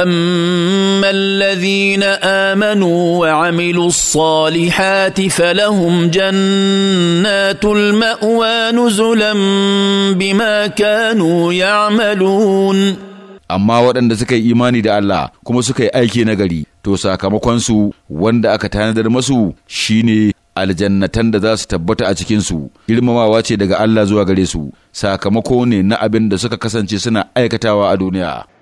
واما الذين امنوا وعملوا الصالحات فلهم جنات الماوى نزلا بما كانوا يعملون amma waɗanda suka yi imani da Allah kuma suka yi aiki nagari to sakamakonsu wanda aka tanadar masu shine aljannatan da za su tabbata a cikinsu girmamawa ce daga Allah zuwa gare su sakamako ne na abin da suka kasance suna aikatawa a duniya